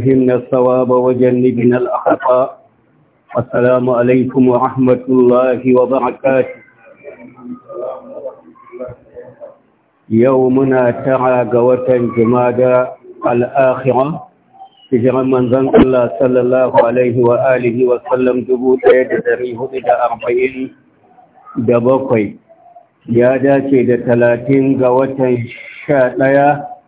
ألهمنا الصواب وجنبنا الأخطاء السلام عليكم ورحمة الله وبركاته يومنا تعى قوة جمادى الآخرة sallallahu Alaihi wa wa sallam dubu ɗaya da dari hudu da arba'in da bakwai ya dace da talatin ga watan sha ɗaya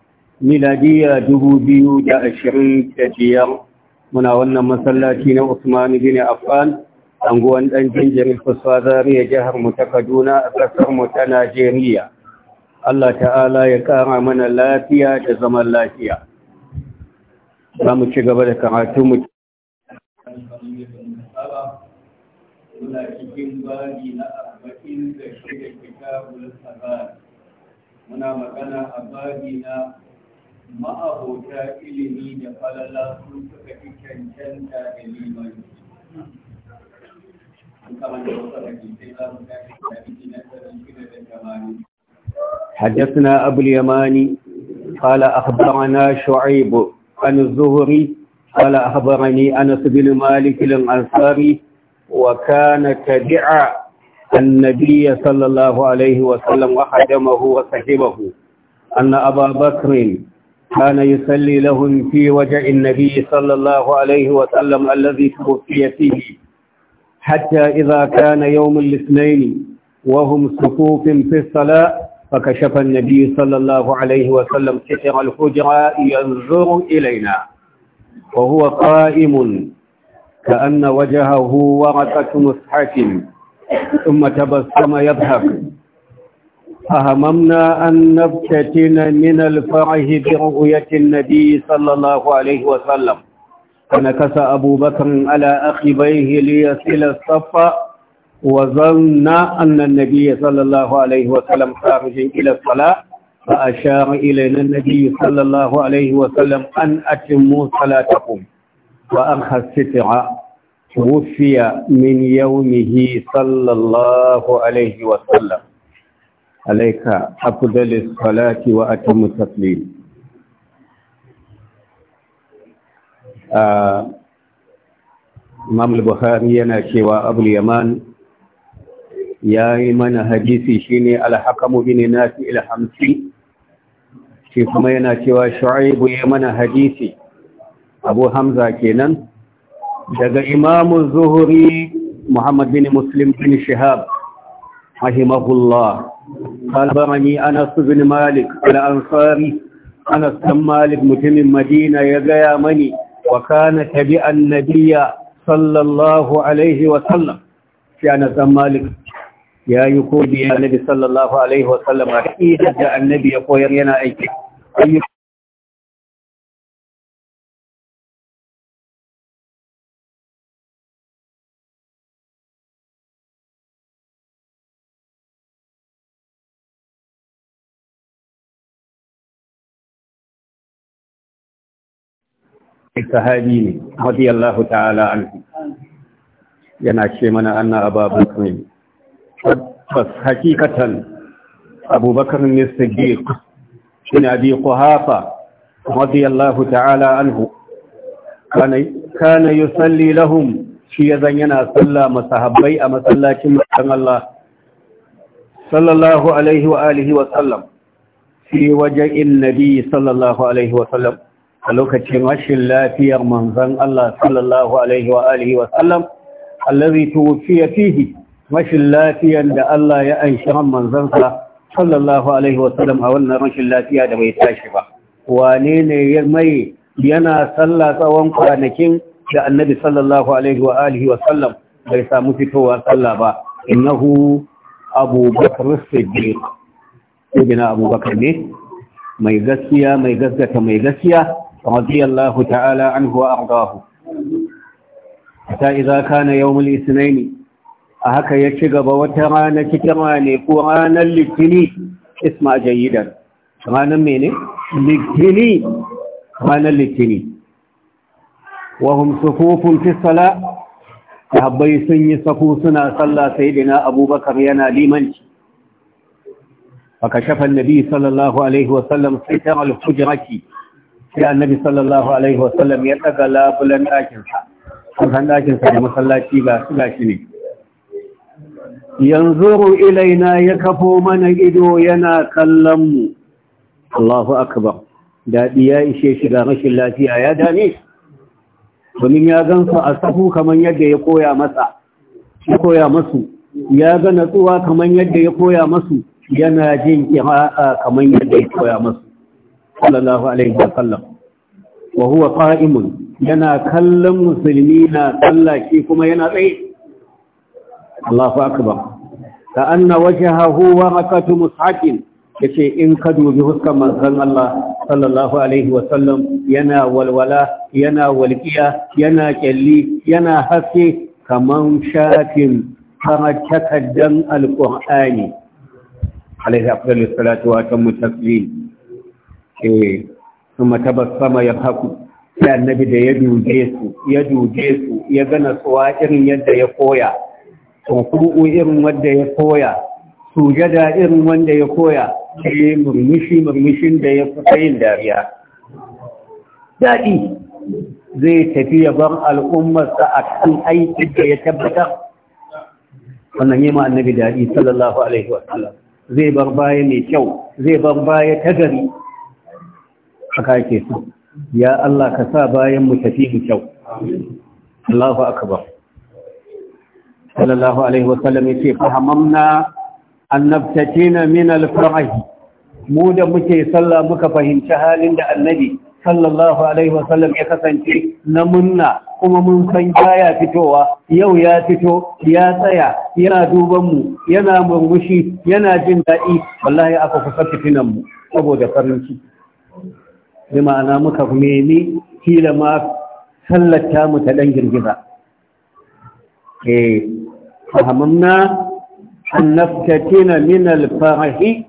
miladiya dubu biyu da ashirin da biyar muna wannan masallaci na Usman bin Affan anguwan ɗan jinjirin kusa zariya jihar mu ta Kaduna a ƙasar mu ta Najeriya Allah ta'ala ya ƙara mana lafiya da zaman lafiya za mu ci gaba da karatu mu muna cikin babi na arba'in da shida kitabul muna magana a babi na ilimi da falala sun suka fi cancanta da حدثنا أبو اليماني قال أخبرنا شعيب عن الزهري قال أخبرني أنس بن مالك الأنصاري وكان كدعا النبي صلى الله عليه وسلم وخدمه وصحبه أن أبا بكر كان يصلي لهم في وجع النبي صلى الله عليه وسلم الذي توفي فيه حتى إذا كان يوم الاثنين وهم صفوف في الصلاة فكشف النبي صلى الله عليه وسلم ستر الحجرة ينظر إلينا وهو قائم كأن وجهه ورقة مصحة ثم تبسم يضحك فهممنا أن نبتتن من الفرح برؤية النبي صلى الله عليه وسلم فنكس أبو بكر على أخبيه ليصل الصف وظن أن النبي صلى الله عليه وسلم خارج إلى الصلاة فأشار إلينا النبي صلى الله عليه وسلم أن أتموا صلاتكم وأرخى الستر توفي من يومه صلى الله عليه وسلم عليك أفضل الصلاة وأتم التسليم Imam Bukhari yana cewa Abul Yaman yayi mana hadisi shine Al-Hakamu bin Nafi al-Hamsi shi kuma yana cewa Shu'aib yayi mana hadisi Abu Hamza kenan daga Imam Zuhri Muhammad bin Muslim bin Shihab rahimahullah قال برني أنس بن مالك الأنصاري أنس بن مالك متم مدينة يقيا مني وكان تبع النبي صلى الله عليه وسلم في أنس بن مالك يا يقول يا النبي صلى الله عليه وسلم أكيد النبي يقول ينا أيك أيك sahabi ne radiyallahu ta'ala anhu yana ce mana anna ababakar ne tabbas hakikatan abubakar ne siddiq bin abi quhafa radiyallahu ta'ala anhu kana kana yusalli lahum shi yazan yana sallah masahabbai a masallacin manzon Allah sallallahu alaihi wa alihi wa sallam fi nabi sallallahu alaihi wa sallam a lokacin rashin lafiyar manzon Allah sallallahu alaihi wa alihi wa sallam allazi tuwfiya fihi rashin lafiyar da Allah ya anshi manzon sa sallallahu alaihi wa sallam a wannan rashin lafiya da bai tashi ba wane ne mai yana sallah tsawon kwanakin da annabi sallallahu alaihi wa alihi wa sallam bai samu fitowa sallah ba innahu abubakar siddiq ibn abubakar ne mai gaskiya mai gaskata mai gaskiya رضي الله تعالى عنه وأرضاه حتى إذا كان يوم الاثنين أهك يشغب وترانا كتراني قرانا للتني اسمع جيدا رانا مين للتني رانا للتني وهم صفوف في الصلاة sahabbai sun yi safu suna sallah sayyidina abubakar yana limanci fa kashafa annabi sallallahu alaihi wasallam sitar al-hujrati sai annabi sallallahu alaihi wasallam ya daga labulan ɗakinsa kusan ɗakinsa da masallaci ga su gashi ne yanzu ilaina ya kafo mana ido yana kallon mu Allahu akbar daɗi ya ishe shiga rashin lafiya ya dame domin ya gansu a sahu kamar yadda ya koya masa ya koya masu ya ga natsuwa kamar yadda ya koya masu yana jin kira kamar yadda ya koya masu sallallahu alaihi wa huwa yana kallon musulmi na tsallaki kuma yana tsaye Allahu akbar ka anna wajhahu warakatu mushafin yace in ka dubi huskan manzon Allah sallallahu alaihi sallam, yana walwala yana walqiya yana ƙyalli, yana haske kaman shafin kamar takaddan alqur'ani alaihi afdalus salatu wa tammu taslim eh kuma tabassama ya haku sai annabi da ya duje su ya duje su ya gana tsuwa irin yadda ya koya kuku irin wanda ya koya sujada irin wanda ya koya sai murmushi murmushin da ya fita yin dariya daɗi zai tafi ya bar al'ummarsa a kan aiki da ya tabbatar wannan yi ma annabi daɗi sallallahu alaihi wasallam zai bar baya mai kyau zai bar baya ta gari haka ake so ya Allah ka sa bayan mu tafi mu kyau Allahu akbar sallallahu alaihi wa sallam yace fahamna annabtatina min al-farah mu da muke sallah muka fahimci halin da annabi sallallahu alaihi wa sallam ya kasance na munna kuma mun san ya fitowa yau ya fito ya tsaya yana duban mu yana murmushi yana jin daɗi wallahi aka kusa fitinan mu saboda farin ciki bi ma'ana muka nemi kila ma sallata mu ta ɗan girgiza eh fahimmna an naftatina min alfarahi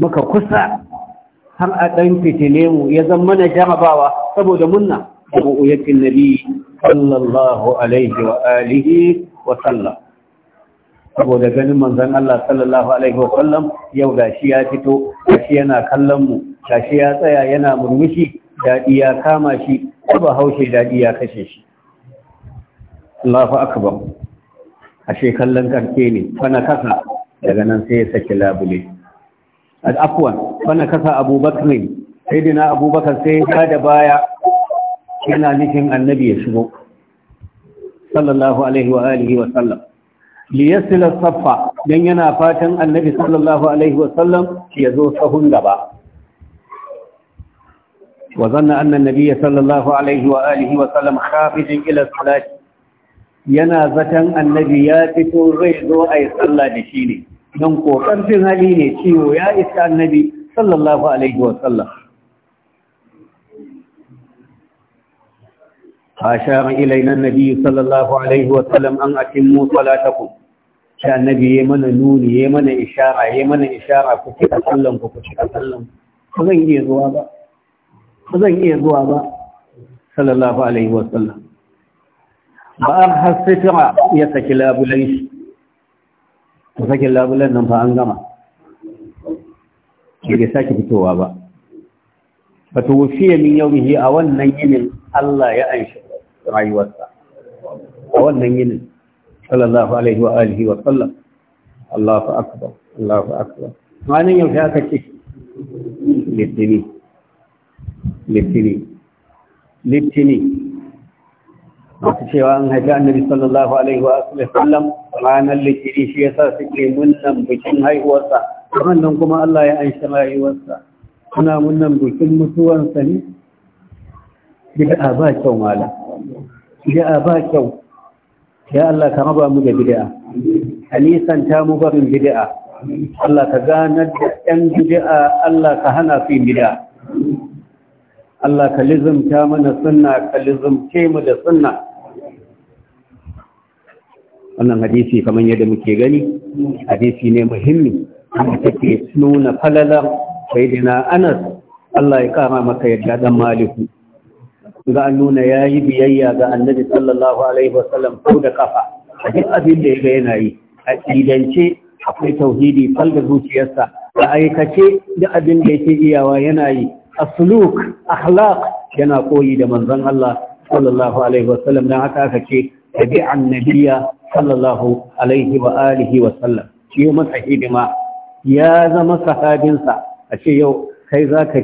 muka kusa har a ɗan fitile mu ya zama na jarabawa saboda munna Abu رؤية sallallahu alaihi wa alihi wa sallam. saboda ganin manzan Allah sallallahu alaihi wa sallam yau shi ya fito shi yana kallon mu tashi ya tsaya yana murmushi daɗi ya kama shi ko ba haushe daɗi ya kashe shi Allahu akbar ashe kallon karke ne fana kasa daga nan sai ya saki labule afwan fana kasa abubakar dina abubakar sai ya da baya yana nufin annabi ya shigo sallallahu alaihi wa alihi wa sallam liyasila saffa dan yana fatan annabi sallallahu alaihi wa sallam ya zo sahun gaba وظن أن النبي صلى الله عليه وآله وسلم خافج إلى الصلاة yana zaton annabi ya fito zai zo a yi tsalla da shi ne don ƙoƙarfin hali ne ciwo ya isa annabi sallallahu alaihi wasallam أشار إلينا النبي صلى الله عليه وسلم أن أتموا صلاتكم شاء النبي يمن نون يمن إشارة يمن إشارة كتك سلم كتك سلم فغير زوابا ba zan iya zuwa ba sallallahu alaihi wasallam ba an hasita ya saki labulan shi ta saki labulan nan fa an gama bai sake fitowa ba ba ta wufiya min yaumihi a wannan yinin Allah ya anshi rayuwarsa a wannan yinin sallallahu alaihi wa alihi wa sallam Allahu akbar Allahu akbar ma'anin yau ya kace litini litini litini wata cewa an haifi annabi sallallahu alaihi wa sallam ranar litini shi ya su ke munnan bikin haihuwarsa wannan kuma Allah ya anshi rayuwarsa suna munnan bikin mutuwarsa ne bid'a ba kyau mala bid'a ba kyau ya Allah ka raba mu da bid'a halisan ta mu barin bid'a Allah ka ganar da ɗan bid'a Allah ka hana fi bid'a Allah ka lizumta mana sunna ka lizumce mu da sunna wannan hadisi kamar yadda muke gani hadisi ne muhimmi amma take nuna falalar sayyidina Anas Allah ya kama maka yadda dan maliku ga an nuna yayi biyayya ga Annabi sallallahu alaihi wasallam ko da kafa duk abin da yake yana yi a idance akwai tauhidi fal da zuciyarsa a aikace duk abin da yake iyawa yana yi asluk akhlaq yana koyi da manzon Allah sallallahu alaihi wasallam dan haka aka ce tabi'an nabiyya sallallahu alaihi wa alihi wa sallam shi masa hidima ya zama sa a ce yau kai za ce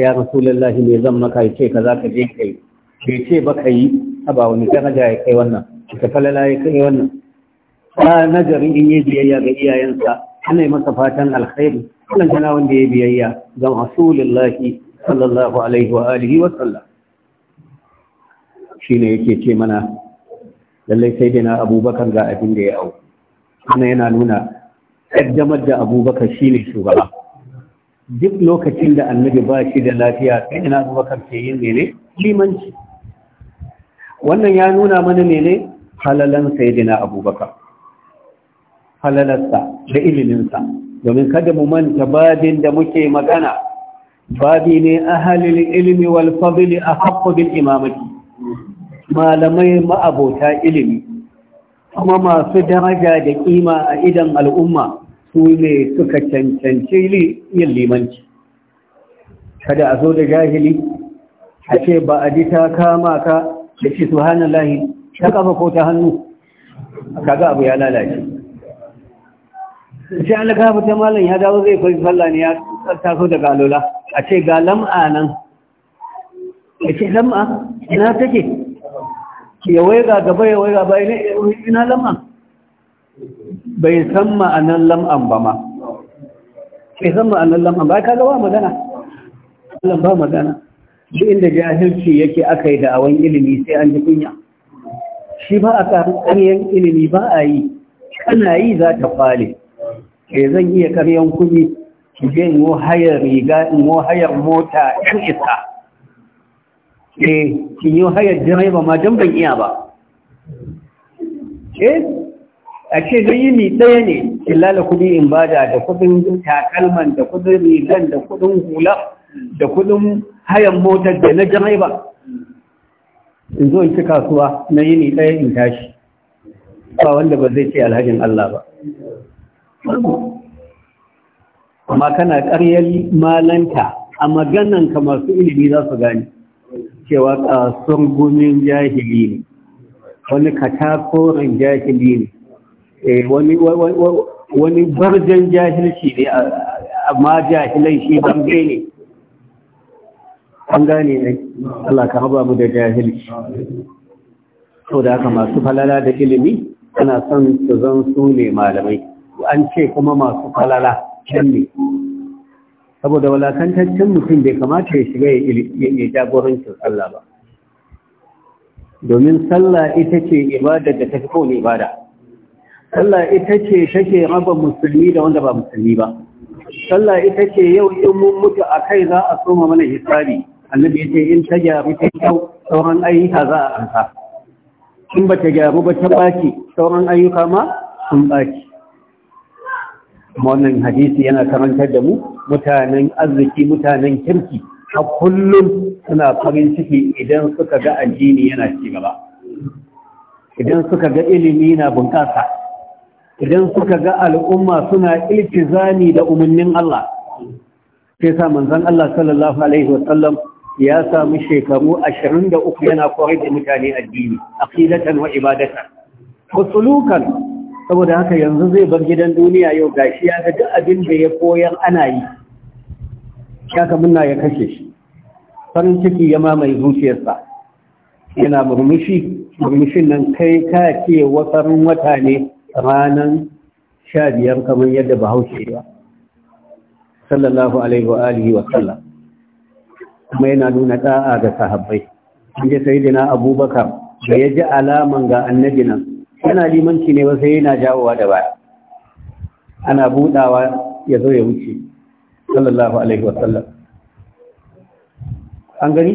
ya rasulullahi me zan maka ya ce ka zaka je kai ke ce ba ka yi ba wani daraja ya kai wannan ka falala ya kai wannan ba jarin in yi biyayya ga iyayensa ana masa fatan alkhairi wannan tana wanda ya biyayya ga laki, sallallahu alaihi wa alihi wa sallam shine yake ce mana lallai sai dai na abubakar ga abin da ya au ana yana nuna kaddamar da abubakar shine shugaba duk lokacin da annabi ba shi da lafiya sai na abubakar ke yin mene limanci wannan ya nuna mana mene halalan sai na abubakar halalarsa da iliminsa domin kada mu manta babin da muke magana babi ne ahalil ilmi wal fadli ahqqu bil imamati malamai ma abota ilimi kuma masu daraja da kima a idan al'umma su ne suka cancanci yin limanci kada a zo da jahili a ce ba a ji ta kama ka da ce subhanallahi ta kafa ko ta hannu kaga abu ya lalace sai an gafa ta malam ya dawo zai kwafi falla ne ya taso daga alola a ce ga lam'a nan a ce lam'a ina take ya ga gaba ya waiga ba ina lam'a bai san ma'anan lam'an ba ma bai san ma'anan lam'an ba ka gawa magana Allah ba magana shi inda jahilci yake aka yi da'awan ilimi sai an ji kunya shi ba a ƙarƙaryen ilimi ba a yi kana yi za ta kwale ke eh, zan iya karyan kuɗi je in hayar riga in hayar mota ɗan isa ke eh, ki yi hayar direba ma don ban iya ba ke eh, a ce don ni ɗaya ne ki lala kuɗi in bada da kudin takalman da kudin rigan da kudin hula da kudin hayan motar da na direba in zo in ci kasuwa na yi ni ɗaya in tashi ba wanda ba zai ce alhajin Allah ba amma kana ƙaryar malanta a ka masu ilimi za su gani cewa ƙasun gumin jahili ne wani katakorin jahili ne eh, wani barjan jahilci ne amma jahilai shi bange ne an gane ne Allah ka haɓa mu da jahilci sau da aka masu falala da ilimi ana son su zan su ne malamai an ce kuma masu falala can ne saboda walakantaccen mutum bai kamata ya shiga ya jagorancin sallah ba domin sallah ita ce ibada da tafi kowane ibada sallah ita ce ke raba musulmi da wanda ba musulmi ba sallah ita ce yau in mun mutu a kai za a soma mana hisabi annabi ya ce in ta gyaru ta kyau sauran ayyuka za a amsa in ba ta gyaru ba ta ɓaki, sauran ayyuka ma sun ɓaki. wannan hadisi yana karantar da mu mutanen arziki mutanen kirki a kullum suna farin ciki idan suka ga addini yana ci gaba idan suka ga ilimi na bunƙasa idan suka ga al'umma suna iltizami da umarnin Allah sai sa manzon Allah sallallahu alaihi wasallam ya samu shekaru 23 yana koyar da mutane addini aqidatan wa ibadatan wasulukan saboda haka yanzu zai bar gidan duniya yau gashi ya ga abin da ya koyar ana yi ya kamunna ya kashe shi farin ciki ya mamaye zuciyarsa yana murmushi murmushin nan kai ka ce wasarin wata ne ranar sha biyar kamar yadda bahaushe ba sallallahu alaihi wa alihi wa sallam kuma yana nuna da'a ga sahabbai inda sayyidina abubakar da ya ji alaman ga annabi nan yana limanci ne ba sai yana jawowa da baya ana budawa ya zo ya wuce sallallahu alaihi wasallam an gani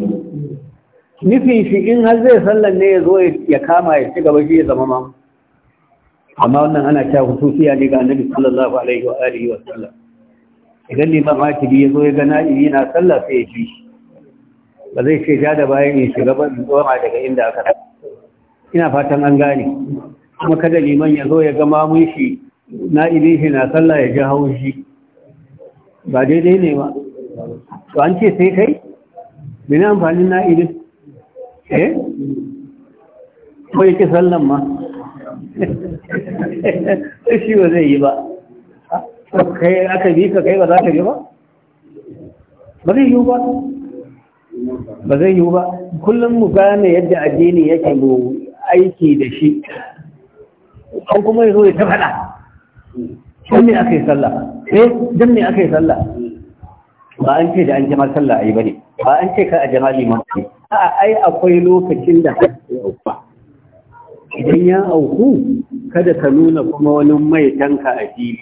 nufin shi in har zai sallan ne ya zo ya kama ya ci gaba shi ya zama ma amma wannan ana cewa hususiya ne ga annabi sallallahu alaihi wa alihi wa sallam idan ma ki ya zo ya ga yi na sallah sai ya ji ba zai ce ja da bayan ya shiga ba in daga inda aka ina fatan an gane kuma kada liman ya zo ya ga mamun shi na ilin shi na sallah ya ji haushi ba daidai ne ba to an ce sai kai mene amfanin na ilin eh ko yake sallan ma shi ba zai yi ba kai aka bi ka kai ba za ka yi ba ba zai yiwu ba ba zai yiwu ba kullum mu gane yadda addini yake mu aiki da shi an kuma ya zo ya ta faɗa don me aka yi sallah eh don me aka yi sallah ba an ce da an jama sallah ayi bane ba an ce ka a jama liman a'a ai akwai lokacin da ya auku idan ya auku kada ka nuna kuma wani mai tanka a fili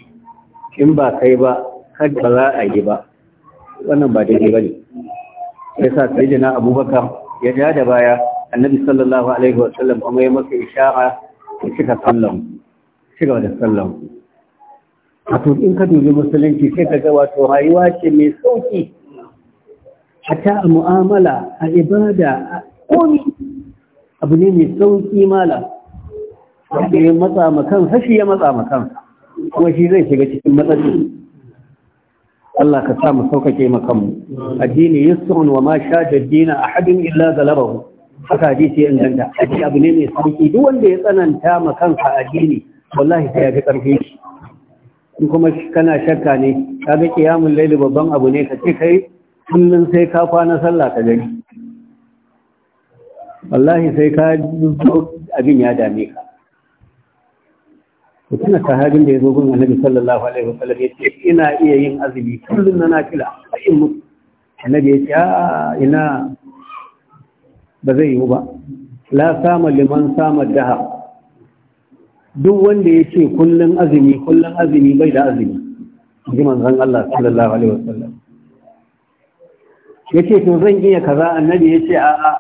in ba kai ba kada ba za a yi ba wannan ba daidai bane sai sa na abubakar ya ja da baya annabi sallallahu alaihi wa sallam kuma ya masa isha'a. ku cika sallan ku da sallan ku wato in ka dubi musulunci sai ka ga wato rayuwa ce mai sauki ta a mu'amala a ibada a komi abu ne mai sauki mala wanda ya matsa ma hashi shi ya matsa ma kuma shi zai shiga cikin matsatsi Allah ka sa mu sauƙaƙe ma kanmu addini yusrun wa ma sha jaddina ahadin illa galabahu haka hadisi ya inganta aji abu ne mai sauki duk wanda ya tsananta ma kansa addini wallahi sai ya ga karfi shi in kuma kana shakka ne ka ga kiyamul laili babban abu ne ka ce kai kullun sai ka kwana sallah ka gani wallahi sai ka abin ya dame ka ka sahabin da ya zo gun annabi sallallahu alaihi wasallam ya ce ina iya yin azumi kullun na nafila sai in annabi ya ce ah, ina ba zai yiwu ba la sama liman sama daha duk wanda ya ce kullum azumi kullum azumi bai da azumi ji manzon Allah sallallahu alaihi wasallam yace to zan iya kaza annabi yace a a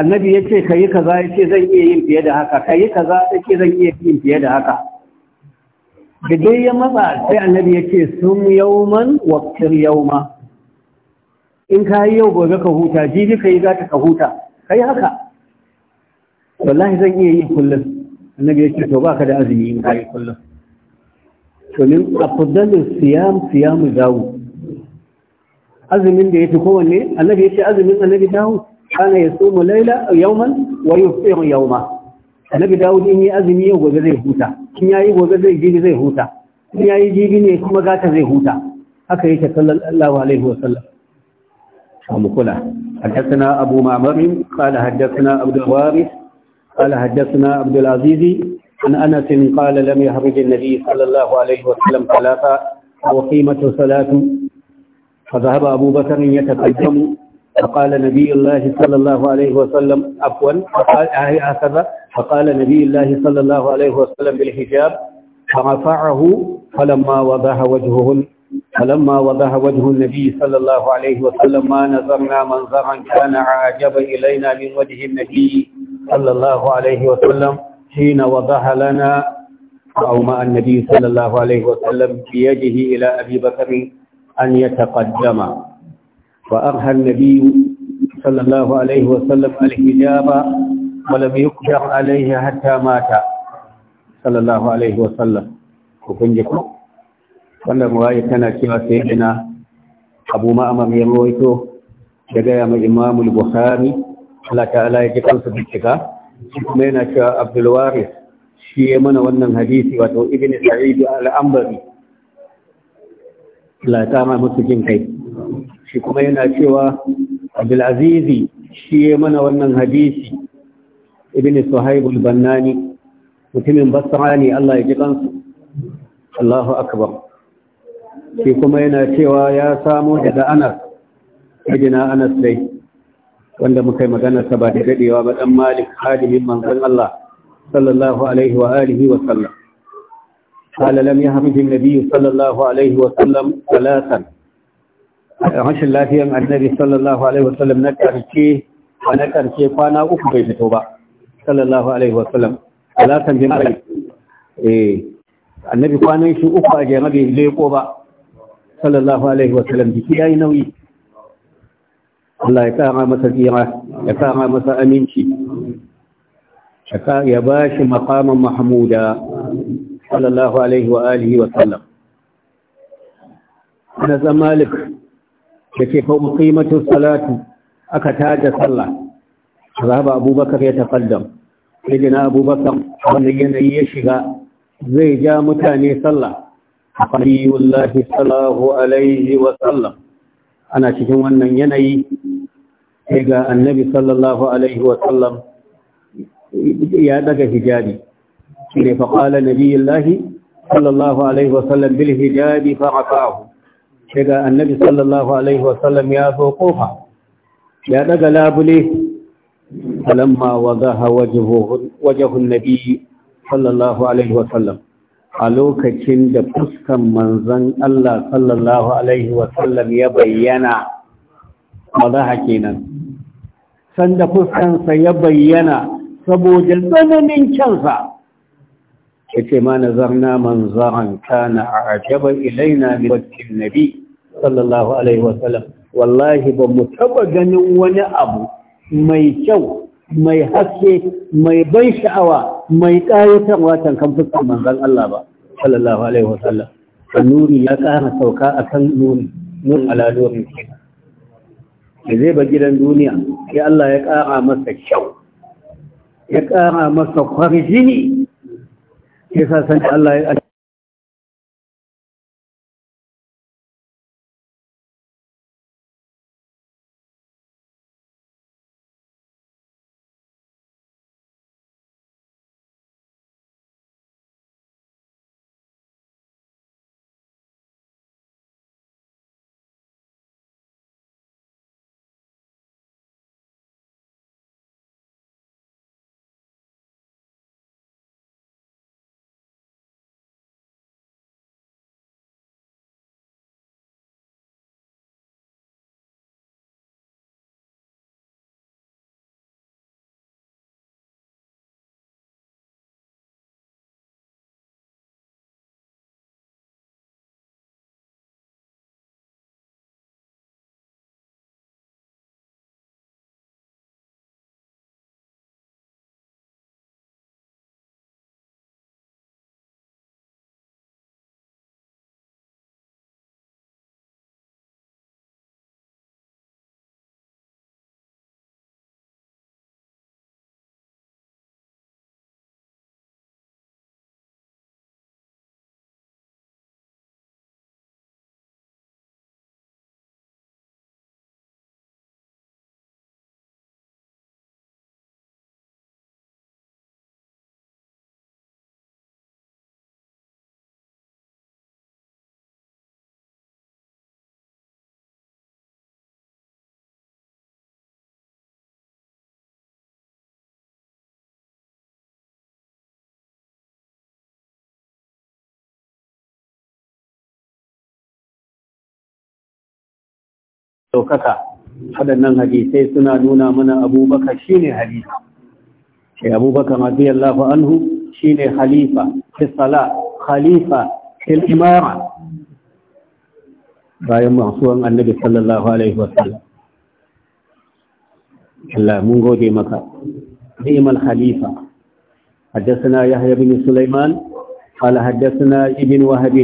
annabi yace kai kaza yace zan iya yin fiye da haka kai kaza yace zan iya yin fiye da haka da dai ya matsa sai annabi yace sun yawman waqtir yawma in ka yi yau gobe ka huta jibi kai za ka huta kai haka wallahi zan iya yi kullum annabi ya ce to baka da azumi in kai kullum to min afdalu siyam siyamu dawo azumin da yake kowanne annabi ya ce azumin annabi dawo kana yasumu laila yawman wa yufiru yawma annabi dawud din yi azumi yau gobe zai huta kin yayi gobe zai gidi zai huta kin yayi jibi ne kuma gata zai huta haka yake sallallahu alaihi wasallam ومقلة حدثنا أبو معمر قال حدثنا عبد الوارث قال حدثنا عبد العزيز عن أنس قال لم يهرج النبي صلى الله عليه وسلم ثلاثة وقيمة ثلاث فذهب أبو بكر يتقدم فقال نبي الله صلى الله عليه وسلم عفوا فقال أهي هكذا فقال نبي الله صلى الله عليه وسلم بالحجاب فرفعه فلما وضع وجهه فلما وضح وجه النبي صلى الله عليه وسلم ما نظرنا منظرا كان عاجب إلينا من وجه النبي صلى الله عليه وسلم حين وضح لنا أو مع النبي صلى الله عليه وسلم بيده إلى أبي بكر أن يتقدم فأرهى النبي صلى الله عليه وسلم الحجاب ولم يقدر عليه حتى مات صلى الله عليه وسلم وكنجكم wannan ruwaya tana cewa sai ina abu ma'amar ya ruwaito da gaya mai imamul buhari Allah ta'ala ya ji kansu bincika shi kuma yana cewa Abdulwaris, shi ya mana wannan hadisi wato ibn sa'id al-ambari Allah ta ma musu jin kai shi kuma yana cewa abdul azizi shi ya mana wannan hadisi ibn suhaib al-bannani mutumin basra ne Allah ya ji kansu Allahu akbar shi kuma yana cewa ya samo daga anas idina anas dai wanda muka yi maganarsa ba da daɗewa ba ɗan malik hadimin manzon Allah sallallahu alaihi wa alihi wa sallam قال لم يهمه النبي صلى الله عليه وسلم ثلاثا rashin lafiyan annabi na karshe a na karshe kwana uku bai fito ba sallallahu alaihi wasallam alatan bin bai eh annabi kwanan shi uku a jama'a bai leko ba sallallahu alaihi wasallam jiki yayi nauyi Allah ya kara masa tsira ya kara masa aminci ya ba shi maqaman mahmuda sallallahu alaihi wa alihi wa sallam na zamalik da ke fa uqimatu salatu aka tada sallah zaba abubakar ya taqaddam sayyidina abubakar wannan yanayi ya shiga zai ja mutane sallah Ana cikin wannan yanayi ga annabi sallallahu alaihi wasallam ya daga hijabi nabiyullahi sallallahu alaihi wasallam bil hijabi annabi sallallahu alaihi wasallam ya zo kofa ya daga labule falamma wadaha sallallahu alaihi wasallam a lokacin da fuskan manzan Allah sallallahu Alaihi wasallam ya bayyana mazaha kenan sanda fuskansa ya bayyana saboda tsananin kyansa ya ce ma nazarna manzaran kana a ajaba ilaina min nabi sallallahu Alaihi wasallam wallahi ba mu taba ganin wani abu mai kyau mai haske mai ban sha'awa mai ƙayatarwa tankan fuskar manzan Allah ba sallallahu alaihi wasallam nuri ya ƙara sauka akan nuri nun ala nuri da zai ba gidan duniya sai Allah ya ƙara masa kyau ya ƙara masa kwarjini ya sa san Allah ya ɗaukaka waɗannan hadisai suna nuna mana abubakar shine halifa shi abubakar radiyallahu anhu shine halifa fi sala khalifa fil imara bayan masuwan annabi sallallahu alaihi wasallam Allah mun gode maka ni'mal khalifa حدثنا يحيى بن سليمان قال حدثنا ابن وهب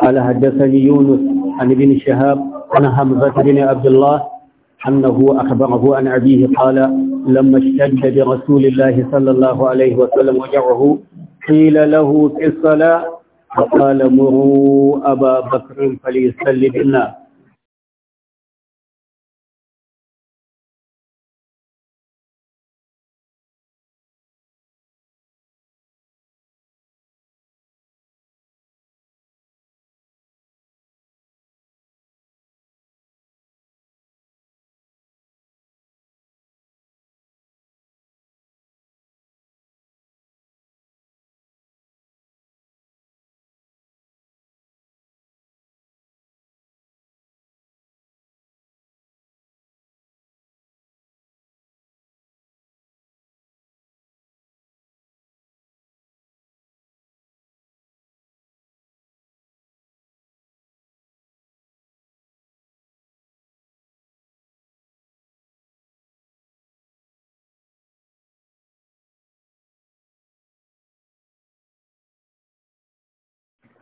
قال حدثني يونس عن ابن شهاب عن حمزة بن عبد الله أنه أخبره عن أبيه قال لما اشتد برسول الله صلى الله عليه وسلم وجعه قيل له في الصلاة فقال مروا أبا بكر فليصلي بالناس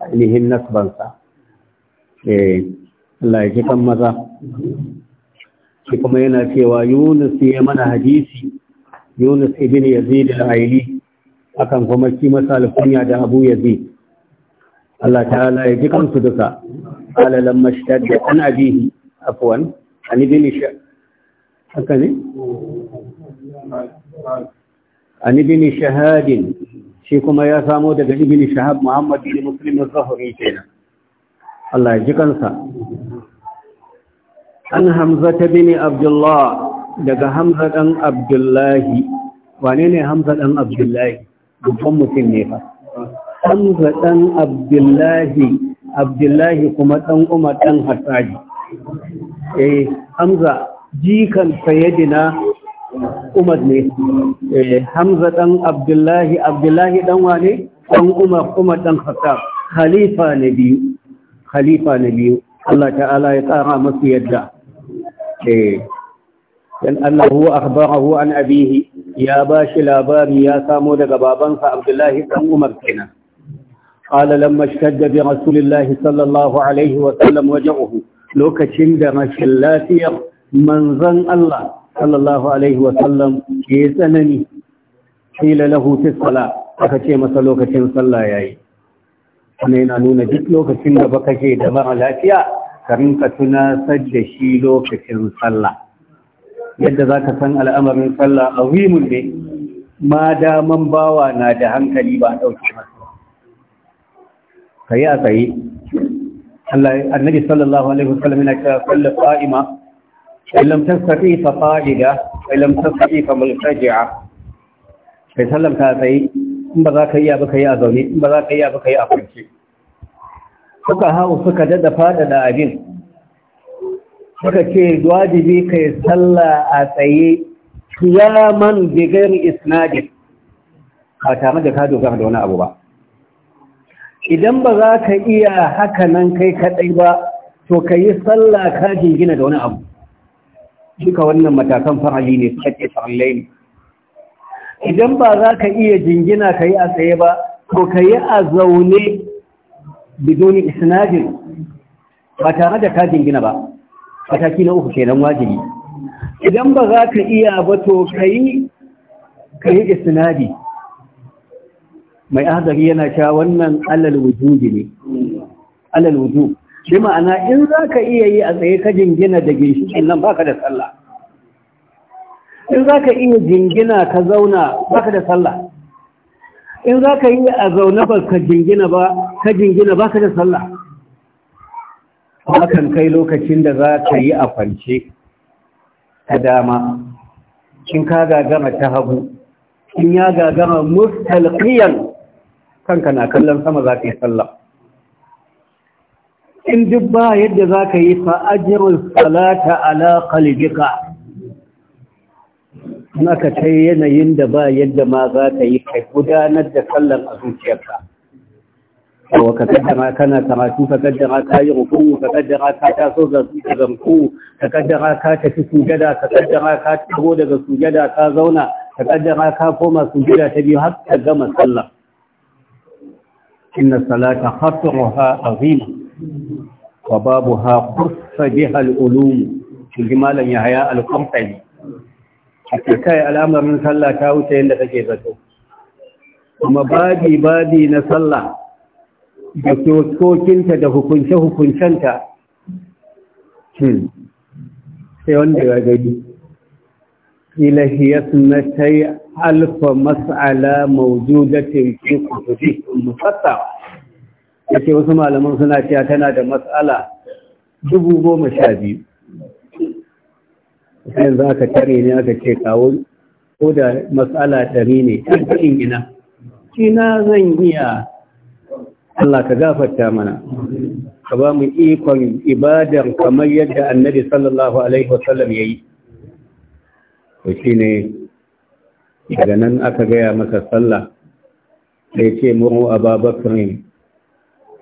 ainihin nasbansa eh Allah ya ji kan maza shi kuma yana cewa Yunus ya mana hadisi Yunus ibn Yazid al-Aili akan kuma shi masa alkunya da Abu Yazid Allah ta'ala ya ji su duka qala lamma ishtadda an abihi afwan an ibn haka ne an ibn shahadin shi kuma ya samo daga ibn shahab muhammad bin Musulmin az-zuhri kenan Allah ya ji kansa an hamza ta bini abdullah daga hamza ɗan abdullahi wane ne hamza ɗan abdullahi babban mutum ne fa hamza ɗan abdullahi abdullahi kuma ɗan umar ɗan hasaji eh hamza jikan sayyidina Umar ne eh, Hamza ɗan Abdullahi Abdullahi ɗan wane Ɗan Umar Umar ɗan Khattab khalifa na biyu khalifa na biyu Allah ta'ala ya tsara masu yadda eh dan Allah huwa huwa an abihi ya bashi labari ya samo daga babansa Abdullahi Ɗan Umar kenan qala lamma shadda bi rasulillahi sallallahu alaihi wa sallam waj'uhu lokacin da rashin lafiyar manzon Allah sallallahu alaihi wasallam ya yi tsanani kila lahu fi aka ce masa lokacin sallah yayi kuma yana nuna duk lokacin da baka ke da mara lafiya ka rinka tunasar da shi lokacin sallah yadda za ka san al'amarin sallah azimun ne ma daman bawa na da hankali ba a ɗauke masa ka yi a tsaye annabi sallallahu alaihi wasallam yana cewa sallah qa'ima in لم تستطيع فقاعدة qa'ida لم تستطيع فملتجعة fa سلم kai sallam ta tsaye in ba za ka iya ba kai a zaune in ba za ka iya ba kai a قياما suka إسناج suka dada fada da abin suka ce wajibi kai sallah a tsaye bigar ka dogara da idan ba za ka iya haka nan kai kaɗai ba to ka yi sallah ka jingina da wani abu duka wannan matakan farali ne suka ce farallai ne idan ba za ka iya jingina ka yi a tsaye ba ko ka yi a zaune bidoni isnadin ba tare da ka jingina ba mataki na uku kenan wajibi idan ba za ka iya ba to ka yi isnadi mai azari yana sha wannan alal wujubi ne alal wujub bi ma'ana in za ka iya yi a tsaye ka jingina da ginshikin nan baka da sallah in za ka iya jingina ka zauna baka da sallah in za ka yi a zaune ba ka jingina ba ka jingina baka da sallah hakan kai lokacin da za ka yi a kwance ta dama in ka gagama ta hagu in ya gagama mustalqiyan kanka na kallon sama za ka yi sallah in duk ba yadda za ka yi fa'ajirul salata ala kalibika ka ta yanayin da ba yadda ma za ka yi kai gudanar da sallan a zuciyarka wa ka kaddara kana karatu ka kaddara ka yi rukun ka kaddara ka taso ga zanku ka kaddara ka tafi sujada ka kaddara ka tago daga sujada ka zauna ka kaddara ka koma sujada ta biyu har ka gama sallah inna salata khatruha azima wa babu ha kusa biha al'ulumu shi malam ya haya al'amfani a kai al'amarin sallah ta wuce yadda take zato kuma babi-babi na sallah da kyokokinta da hukunce-hukuncenta hmm. sai wanda ya gani ilahiyar na ta yi alfa mas'ala maujudatin fi kusurikun mufasawa ya wasu malaman suna cewa tana da matsala dubu goma sha biyu sai za ka tare ne aka ce kawo ko da matsala ɗari ne cikin gina shi na zan iya Allah ka gafarta mana ka ba mu ikon ibadar kamar yadda annabi sallallahu alaihi wasallam ya yi ko shi ne daga nan aka gaya masa sallah sai ce muru ababakarin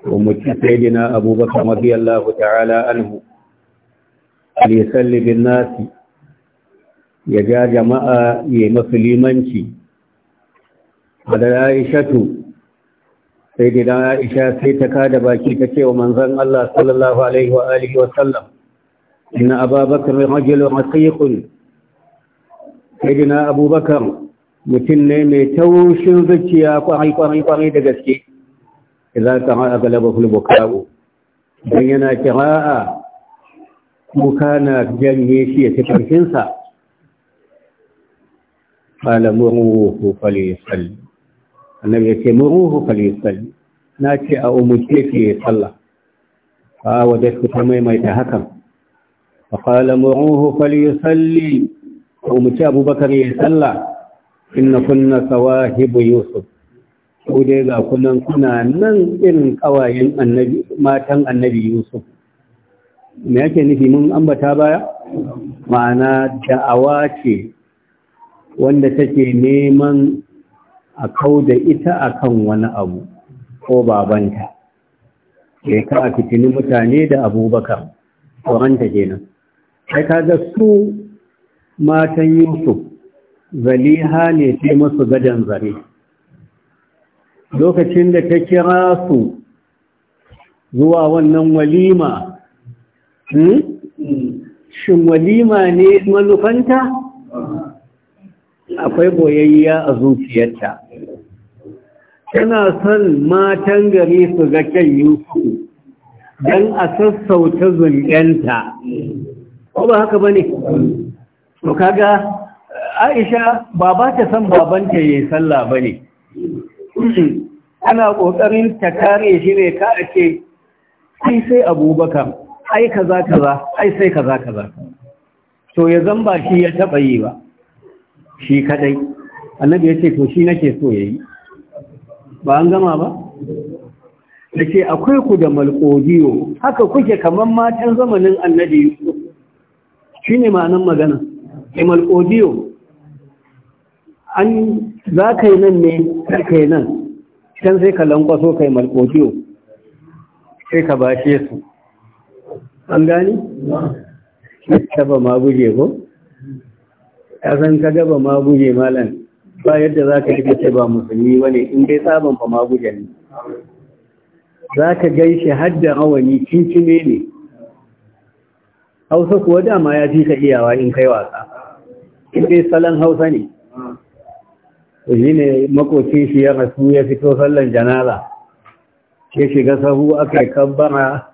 ومتي سيدنا أبو بكر رضي الله تعالى أنه أن يسلي بالناس يجا جماعة يمسلمانشي هذا عائشة سيدنا عائشة سيتكاد ومن ظن الله صلى الله عليه وآله وسلم إن أبا بكر رجل عتيق سيدنا أبو بكر متنمي توشن ذكي يا zuciya kwarai kwarai دقسكي idan kama a galaba buka'u don yana kira'a kuka na janye shi ya ci ƙarfinsa ƙala muruhu falisal annabi ya ce muruhu falisal na ce a umarce shi ya tsalla a wadda ta maimaita hakan a ƙala muruhu falisalli umarce abubakar ya tsalla inna kunna sawahibu yusuf ko dai ga kunan kuna nan irin kawayen annabi matan annabi Yusuf me yake nufi mun ambata baya ma'ana da'awa ce wanda take neman a kau da ita akan wani abu ko babanta ke ka a fitini mutane da abubakar tsoronta kenan sai ka ga su matan yusuf zaliha ne sai masu gadon zare lokacin da ta kira su zuwa wannan walima hmm? shin walima ne manufanta akwai boyayya a zuciyarta tana son matan gari su ga kyan yusufu don a sassauta zunɗenta ko ba haka ba ne kaga aisha ba ba ta san babanta ya yi sallah ba ne ana ƙoƙarin ta kare shi ne ka a ce ai sai abubakar ai kaza kaza ai sai kaza kaza to ya zamba shi ya taɓa yi ba shi kadai annabi ya ce to shi nake so ya yi ba an gama ba da ce akwai ku da malƙodiyo haka kuke kamar matan zamanin annabi shi ne ma'anan magana e malƙodiyo an za ka yi nan ne ka yi nan can sai ka lankwaso ka yi malkokiyo sai ka bashe su an gani? taba ma guje ko? ya san ka gaba ma guje malam ba yadda za ka rikace ba musulmi wani in dai tsaban ba ma guje ne za ka gaishe hadda awani cincime ne hausa kuwa dama ya fi ka iyawa in kai wasa in dai salon hausa ne shi ne makocin shi ya rasu ya fito sallan janaza ke shiga sahu aka yi kabbara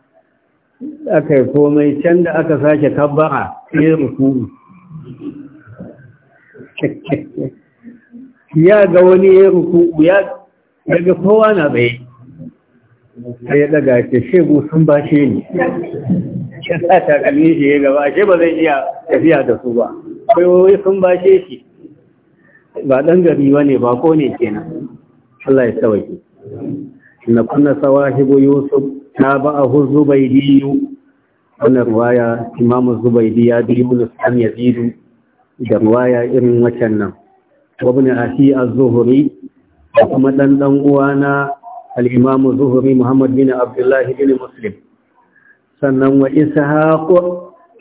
aka yi komai can da aka sake kabbara ya rufu ya ga wani ya rufu ya daga kowa na bai sai ya daga ce shegu sun ba shi ne ya sa takalmi shi ya gaba ashe ba zai iya tafiya da su ba wai sun ba shi ba ɗan gari ba ba ko ne kenan Allah ya sauke na kunna sawahibu yusuf ta ba a zubaidi wannan ruwaya imamu zubaidi ya bi yunus ya yazidu da ruwaya irin wacan nan wabin ashi az-zuhri kuma dan dan uwana al imamu zuhri muhammad bin abdullah bin muslim sannan wa ishaq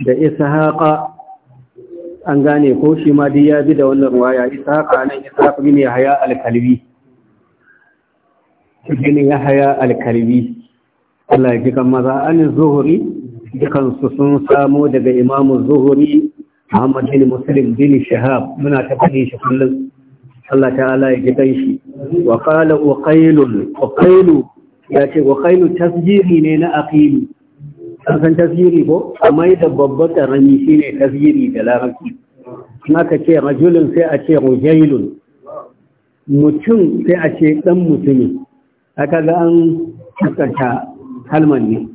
da ishaqa an gane ko shi ma duk ya bi da wannan ruwaya ishaqa nan ishaqa bin yahya haya kalbi bin ya haya kalbi Allah ya kika maza an zuhuri dukan su sun samo daga imamu zuhuri Muhammad bin Muslim bin Shahab muna ta fadi shi kullum Allah ta'ala ya kika shi wa qala uqailu uqailu ya ce uqailu tasjiri ne na aqili an san tasiri ko amma da babban karami shine tasiri da larabci in ka ce rajulun sai a ce rujailun mutum sai a ce dan mutumi aka ga an fuskanta kalmar ne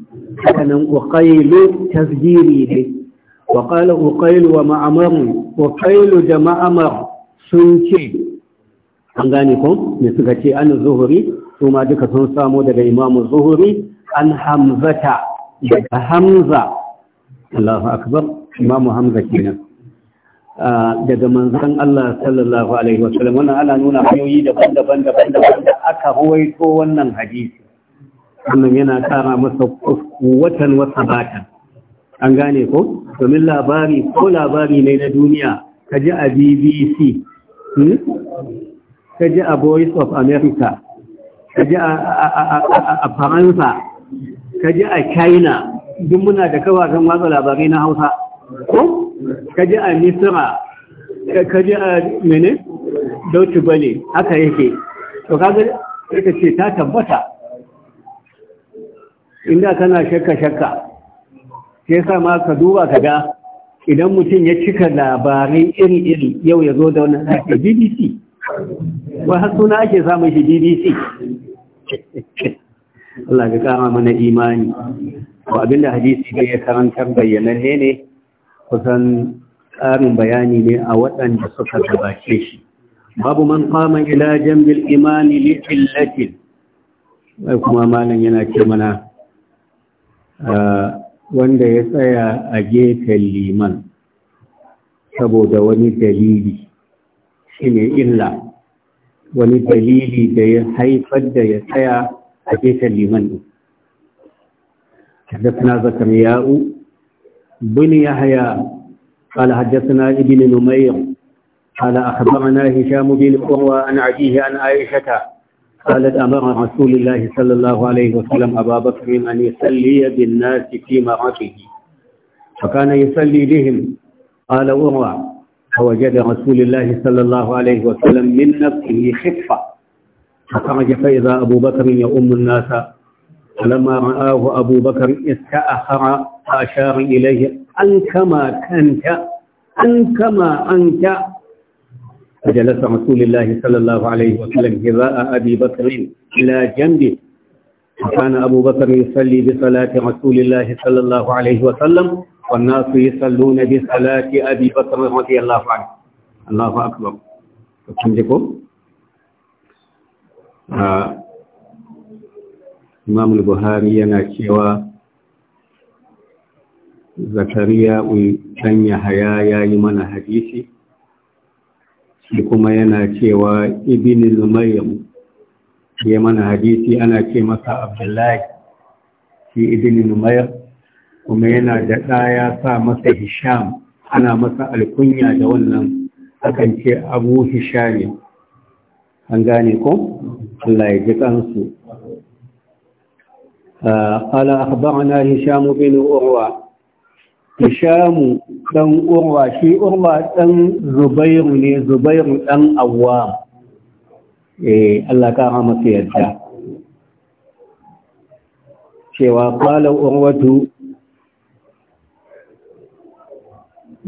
haka nan uqailu tasiri ne wa wa ma'amar da ma'amar sun ce an gane ko me suka ce an zuhuri su duka sun samo daga imamu zuhuri an hamzata daga hamza Allahu akbar imamu hamza kenan ah, daga manzon Allah sallallahu alaihi wasallam wannan ana nuna hanyoyi daban-daban daban-daban da aka rawaito wannan hadisi wannan yana kara masa kuwatan wata batan an gane ko domin labari ko labari ne na duniya ka ji a BBC hmm? ka ji a Voice of America ka ji a Faransa kaji a china duk muna da kafafen watsa labarai na hausa ko kaji a misira kaji a mene dauci bane haka yake to kaga ita ce ta tabbata inda kana shakka-shakka ke sa ma ka duba ka ga idan mutum ya cika labarai iri-iri yau ya zo da wani ake bbc wai suna ake samun shi bbc Allah ya kara mana imani ba da hadisi ga ya karantar bayyananne ne kusan ƙarin bayani ne a waɗanda suka gabace shi babu man kama ila jambil imani li illatin wai kuma malam yana ce mana ah, wanda ya tsaya a gefen liman saboda wani dalili shi ne illa wani dalili da ya haifar da ya tsaya a keken liman ɗin حدثنا زكرياء بن يحيى قال حدثنا ابن نمير قال أخبرنا هشام بن قروى عن عديه عن عائشة قالت أمر رسول الله صلى الله عليه وسلم أبا بكر أن يصلي بالناس في مرافه فكان يصلي بهم قال أروى فوجد رسول الله صلى الله عليه وسلم من نفسه خفة فخرج فإذا أبو بكر يؤم الناس فلما رآه أبو بكر استأخر فأشار إليه أن كما كنت أن كما أنت فجلس رسول الله صلى الله عليه وسلم هراء أبي بكر إلى جنبه وكان أبو بكر يصلي بصلاة رسول الله صلى الله عليه وسلم والناس يصلون بصلاة أبي بكر رضي الله عنه الله أكبر فهمتكم؟ imam buhari yana cewa zakariya ɗan yahaya ya yi mana hadisi shi kuma yana cewa ibn maryam ya mana hadisi ana ce masa abdullahi shi ibn maryam kuma yana da ɗaya sa masa hisham ana masa alkunya da wannan akan ce abu hisham an gane ko Allah ya ji kansu ala akhbarana hisham bin urwa hisham dan urwa shi urwa dan zubair ne zubair dan awwa eh Allah ka rahama masa yadda cewa qala urwatu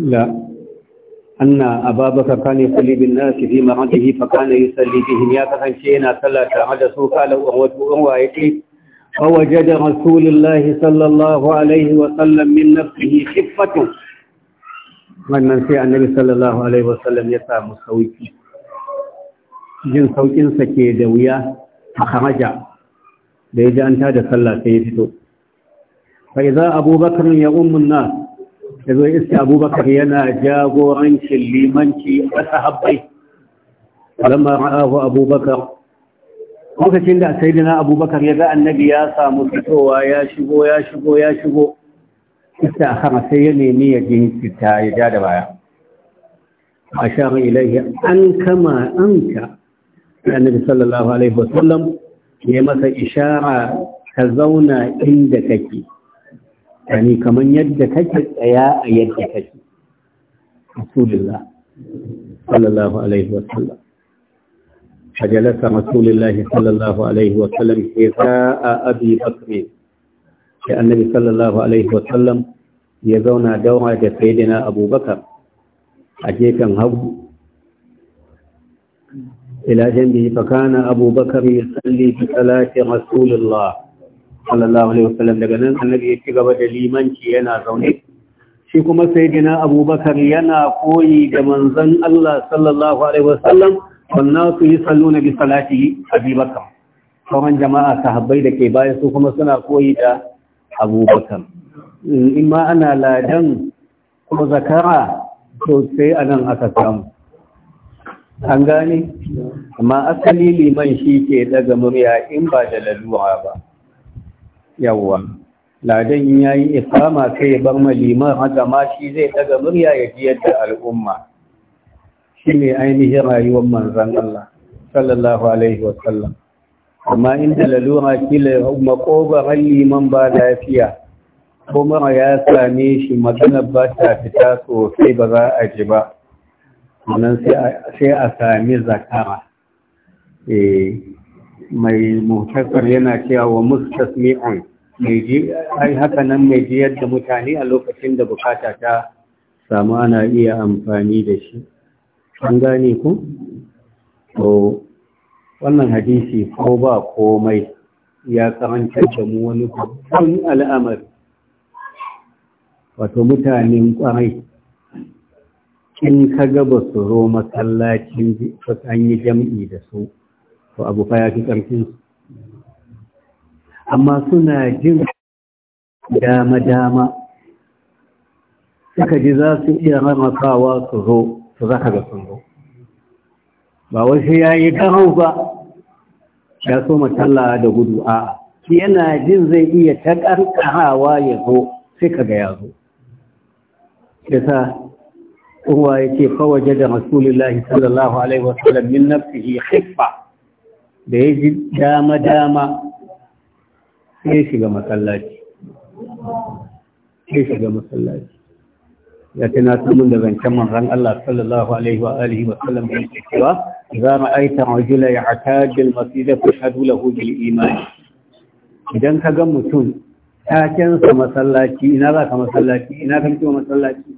la أن أبا بكر كان يصلي بالناس في مرضه فكان يصلي بهم يا كفن شينا صلى تعالى سوكا لو أهوته أهوى يكي فوجد رسول الله صلى الله عليه وسلم من نفسه خفة من من في النبي صلى الله عليه وسلم يسام سوكي jin saukinsa ke da wuya a hamaja da ya ji an tada sallah sai ya fito. Fai za abubakar ya ummun na ya zo iske abubakar yana jagorancin limanci a sahabbai alamma ra'ahu abubakar lokacin da sayyidina abubakar ya ga annabi ya samu fitowa ya shigo ya shigo ya shigo iska a sai ya nemi ya jinkita ya ja da baya a shara ilaihi an kama anka annabi sallallahu alaihi wasallam ya masa ishara ka zauna inda kake yani kamar yadda kake tsaya a yadda kake rasulullah sallallahu alaihi wasallam fajalat rasulullah sallallahu alaihi wasallam kaza a abi bakr sai annabi sallallahu alaihi wasallam ya zauna daura da sayyidina abubakar a jefan hagu ila jambi fa kana abubakar yusalli bi salati rasulullah sallallahu alaihi wasallam daga nan annabi ya ci gaba da limanci yana zaune shi kuma sayyidina abubakar yana koyi da manzon Allah sallallahu alaihi wasallam wannan su yi salluna bi salati abubakar sauran jama'a sahabbai da ke baya su kuma suna koyi da abubakar in ma ana ladan ko zakara to sai anan aka samu an gane amma asali liman shi ke daga murya in ba da lalluwa ba yawwa ladan ya yi ikama kai bar maliman haka ma shi zai daga murya ya ji yadda al'umma shi ne ainihin rayuwar manzan Allah sallallahu alaihi wasallam amma inda lalura kila makogarar liman ba lafiya kuma ya same shi maganar ba ta fita sosai ba za a ji ba sannan sai a sami zakara eh, mai muhtasar yana cewa wa mustasmi'un ai haka nan mai ji da mutane a lokacin da bukata ta samu ana iya amfani da shi an gane ku? to wannan hadisi ko ba komai ya karantar da mu wani babban al'amari wato mutanen kwarai in ka gaba su zo masallacin an yi jam'i da su to abu fa ya fi ƙarfin amma suna jin dama-dama suka ji za su iya ramakawa su zo su zaka ga sun zo ba wasu ya yi ƙarau ba ya so matalla da gudu a yana jin zai iya ta ƙarƙarawa ya zo sai ka ga ya zo yasa kowa yake kawaje da rasulullahi sallallahu alaihi wasallam min nafsihi haifa. da ya ji dama-dama sai shiga masallaci sai shiga matsalaci ya tana tumun da zancen manzan Allah sallallahu alaihi wa alihi wa sallam da yake cewa za mu aita rajula ya atajil masjida fa shadu lahu bil iman idan ka ga mutum ta kensa masallaci ina za ka masallaci ina kan kiwa masallaci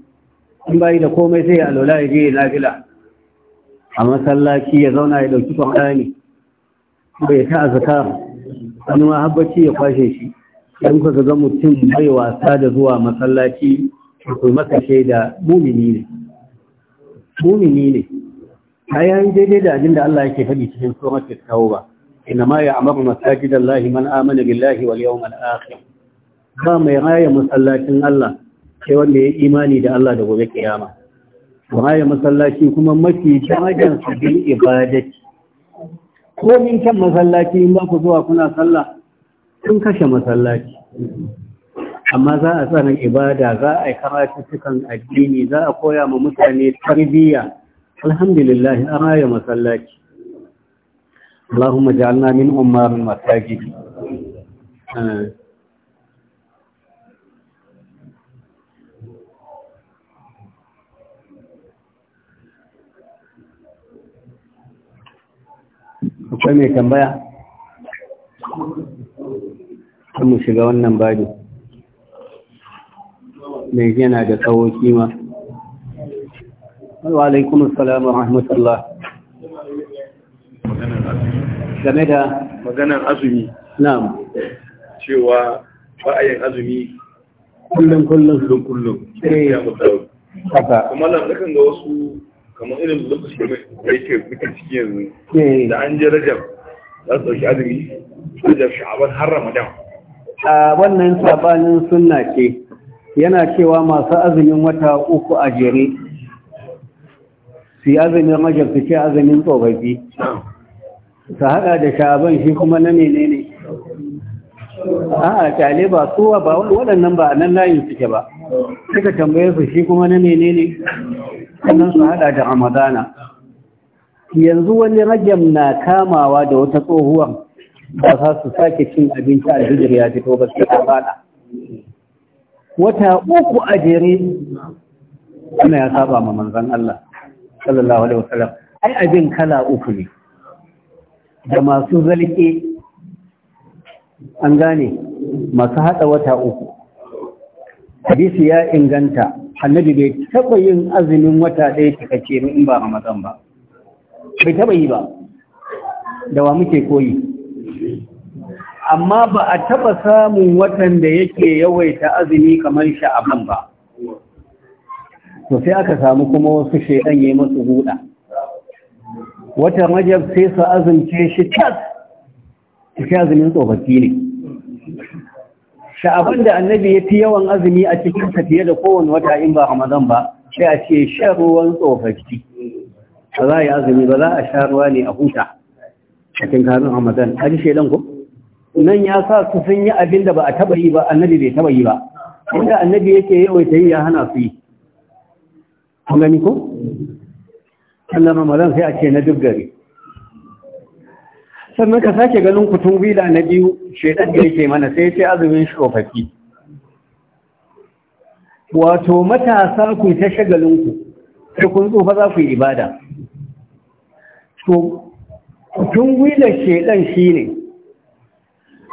in bai da komai sai ya alola ya je ya nafila a masallaci ya zauna ya dauki kwan ne bai ta azaka wani ma habbaci ya kwashe shi idan kuka ga mutum bai wasa da zuwa masallaci ku masa shaida mumini ne mumini ne kayan daidai da abin da Allah yake faɗi cikin suratul tauba inna ma ya'muru masajidallahi man amana billahi wal yawmil akhir ba mai raya masallacin Allah sai wanda ya imani da Allah da gobe kiyama raya masallaci kuma mafi darajar su bil ibadati Ko min kyan masallaci in ba ku zuwa kuna sallah sun kashe masallaci amma za a tsarin ibada za a yi karatu cikin addini za a koya ma mutane tarbiyya alhamdulillah an raya masallaci Allahumma ja'alna min masajidi eh. akwai mai tambaya kan mu shiga wannan babi mai yana da tsawo kima wa alaikum assalamu rahmatullah game da maganar azumi na'am cewa ba'ayin azumi kullum kullum kullum kullum eh. kuma ga wasu kamar irin lokaci da yake muka ciki yanzu eh. da an je rajab za su ɗauki azumi rajab sha'aban har ramadan a wannan sabanin sunna ce yana cewa masu azumin wata uku a jere su yi azumin rajab su ce azumin tsofaffi su haɗa da sha'aban shi kuma na menene a'a kyale ba suwa ba waɗannan ba a nan layin suke ba suka tambaye su shi kuma na menene sannan su hada da ramadana yanzu wani rajam na kamawa da wata tsohuwar ba za su sake cin abinci a jijir ya fito ba su ta wata uku a jere ana ya saba ma manzan Allah sallallahu alaihi wasallam ai abin kala uku ne da masu zalke an gane masu hada wata uku hadisi ya inganta annabi bai taɓa yin azumin wata ɗaya cikakke ba in ba ramadan ba bai taɓa yi ba da wa muke koyi amma ba a taɓa samun watan da yake yawaita azumi kamar sha'aban ba to sai aka samu kuma wasu shaidan ya masu huda Wata rajab sai su azumce shi tas sai azumin tsofaffi ne sha'aban da annabi ya fi yawan azumi a cikin fiye da kowane wata in ba ramadan ba sai a ce sha ruwan tsofaffi ba za a yi azumi ba za a sha ruwa ne a huta cikin kanun ramadan a ji shaidan ku nan ya sa su sun yi abin da ba a taba yi ba annabi bai taba yi ba inda annabi yake yawaita yi ya hana su yi kun gani ko sannan ramadan sai a ce na duk gari sannan ka sake ganin kutun wila na biyu shaidan da yake mana sai ce azumin shofaki wato matasa ku ta shagalinku sai kun tsufa za ku yi ibada to kutun wila shaidan shine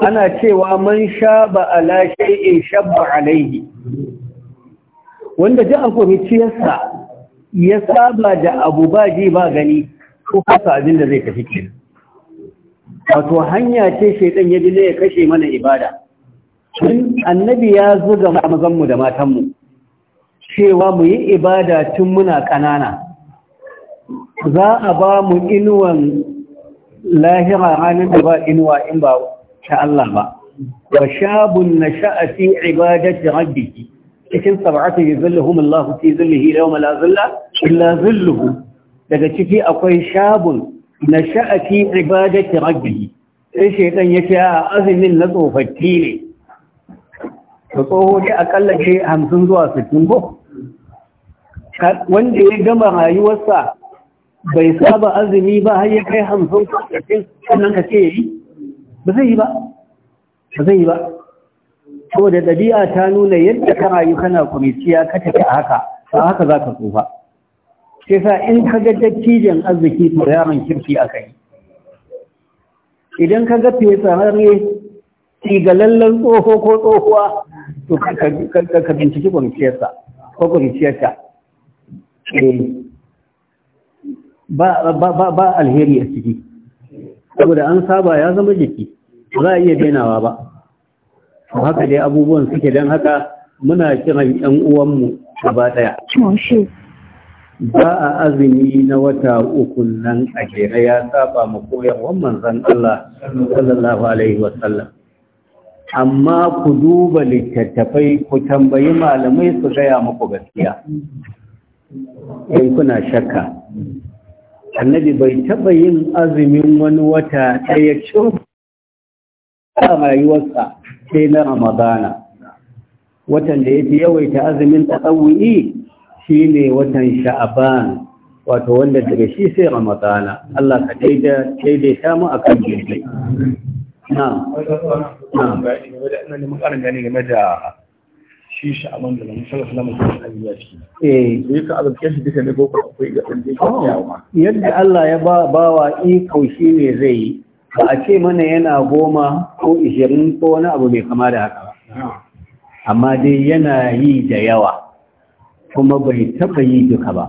ana cewa man ba ala shay'in shabba alaihi wanda ji ciyarsa ya saba da abu ba ji ba gani ko kasa abin da zai tafi kenan wato hanya ce shaidan ya bi ne ya kashe mana ibada tun annabi ya zuga mazanmu da matanmu cewa mu yi ibada tun muna ƙanana za a ba mu inuwan lahira ranar da ba inuwa in ba ta Allah ba wa shabun na sha'afi ibadati rabbiki cikin sab'atu yuzilluhum Allah fi zillihi yawma la zilla illa zilluhu daga ciki akwai shabun nasha'a fi ibadati rabbih sai shaytan ya ce a azumin na tsofaffi ne to tsoho dai akalla ce 50 zuwa 60 ko wanda ya gama rayuwarsa bai saba azumi ba har ya kai 50 ko 60 sannan ka ce yi ba zai yi ba ba zai yi ba saboda dabi'a ta nuna yadda ka rayu kana kuriciya ka tafi a haka a haka za ka tsufa shi sa in ka ga dattijan arziki to yaron kirki aka yi idan ka ga ga lallan tsoho ko tsohuwa to ka binciki kwanciyarsa ko kwanciyarta eh, ba alheri a ciki saboda an saba ya zama jiki za a iya dainawa ba haka dai abubuwan suke don haka muna kiran 'yan uwanmu gaba ɗaya ba a azumi na wata uku nan a gera ya saba mu koyarwar manzon Allah sallallahu alaihi wasallam amma ku duba littattafai ku tambayi malamai su gaya muku gaskiya in kuna shakka annabi bai taɓa yin azumin wani wata ɗaya cin rayuwarsa sai na ramadana watan da ya fi yawaita azumin tsawuyi shi ne watan sha'aban wato wanda daga shi sai ramadana Allah ka daidaita mu akan jirgi ya eh. yadda Allah ya ba bawa iko shi ne zai yi ba a ce mana yana goma ko ishirin ko wani abu mai kama da haka ba, amma dai yana yi da yawa kuma bai taɓa yi duka ba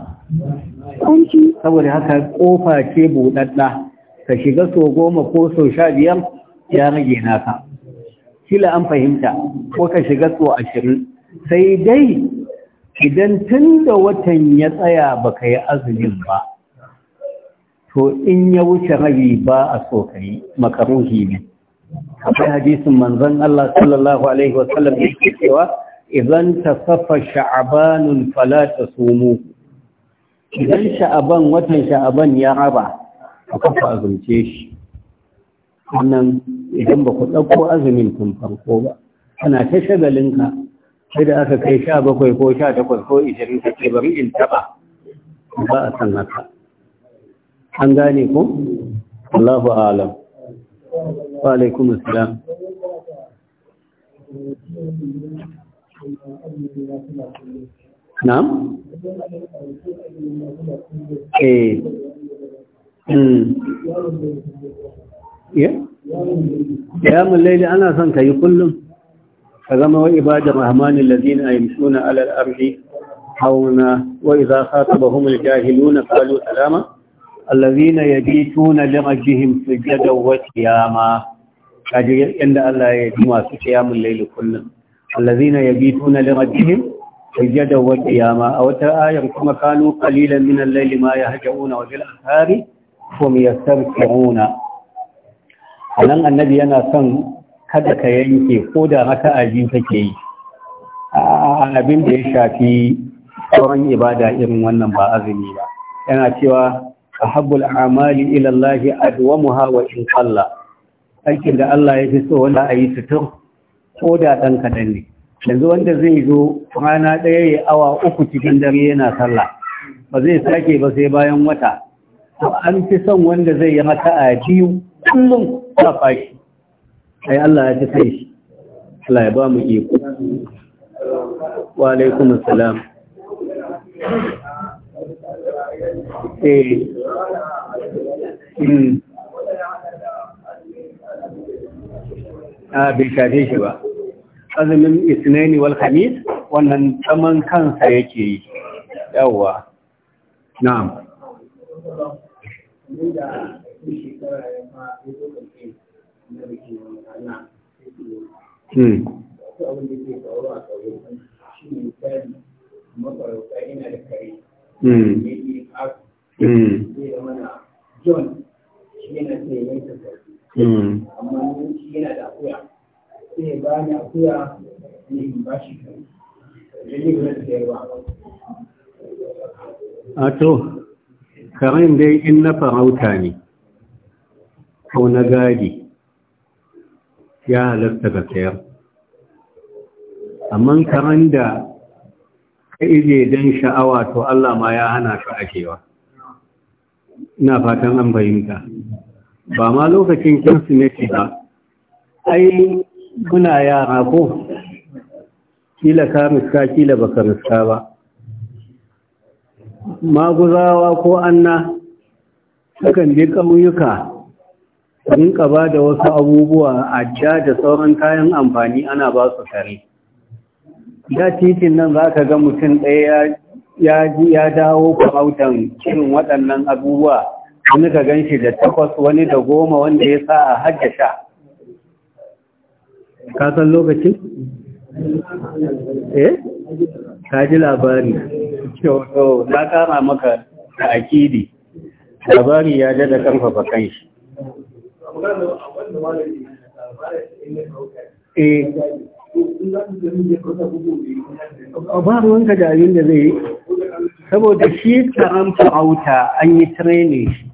saboda haka ƙofa ce buɗaɗɗa ka shiga so goma ko so sha biyar ya rage naka kila an fahimta ko ka shiga so ashirin sai dai idan tun da watan ya tsaya ba ka yi azumin ba to in ya wuce rabi ba a so ka yi makaruhi ne akwai hadisin manzon Allah sallallahu alaihi wasallam da yake cewa idan ta safa sha'abanun ta somo idan sha'aban watan sha'aban ya raba a kafa azumce shi wannan idan ba ku ɗauko azumin tun farko ba ana ta shagalinka sai da aka kai sha bakwai ko sha takwas ko ishirin ka ce bari in taɓa ba a san haka an gane ku? Allahu alam wa alaikum assalam na'am eh hmm. ya mulaili ana son ka yi kullum ka zama wa ibadar rahmanin lazina suna alal ardi hauna wa idza khatabahum aljahiluna qalu salama allazina yabituna lirajihim sujadan wa Ka ji yadda Allah ya yi masu qiyamul layl kullum allazina yabituna lirabbihim sujada wa qiyama a wata ayar kuma kanu qalilan min al-layli ma yahjauna wa bil asari hum yastabquna nan annabi yana son kada ka yanke ko da raka'a biyu kake yi abin da ya shafi tsoron ibada irin wannan ba azumi ba yana cewa ahabbul a'mali ila Allah adwamuha wa in qalla aikin da Allah ya fi so wanda ayi sutur ko da ɗan kaɗan ne yanzu wanda zai zo rana ɗaya ya awa uku cikin dare yana sallah ba zai sake ba sai bayan wata to an fi son wanda zai yi mata a biyu kullum ta fashi ai Allah ya fi sai shi Allah ya ba mu iko wa alaikum assalam eh. hmm. a ah, bai shafe shi ba azumin isnani wal khamis wannan tsaman kansa yake yi yawa na'am Hmm. Hmm. Hmm. John, shi yana sai yanka amma shi yana da akuya. sai ya a to karen dai in na farauta ne ko na gadi ya halatta ga sayar amma karen da ka ije don sha'awa to Allah ma ya hana ka wa. ina fatan an fahimta ba ma lokacin kirsimeti ba ai muna yara ko kila ka miska kila baka miska ba maguzawa ko anna sukan je ƙauyuka rinka ba da wasu abubuwa a ja da sauran kayan amfani ana ba su tare da titin nan za ka ga mutum ɗaya ya dawo farautan irin waɗannan abubuwa wani ka gan shi da takwas wani da goma wanda ya sa a sha. kasan san lokacin? eh? ka ji labari kyau na kara maka da akidi labari ya jada karfafa kan shi eh ba ruwanka da abin da zai yi saboda shi karanta Auta, an yi training shi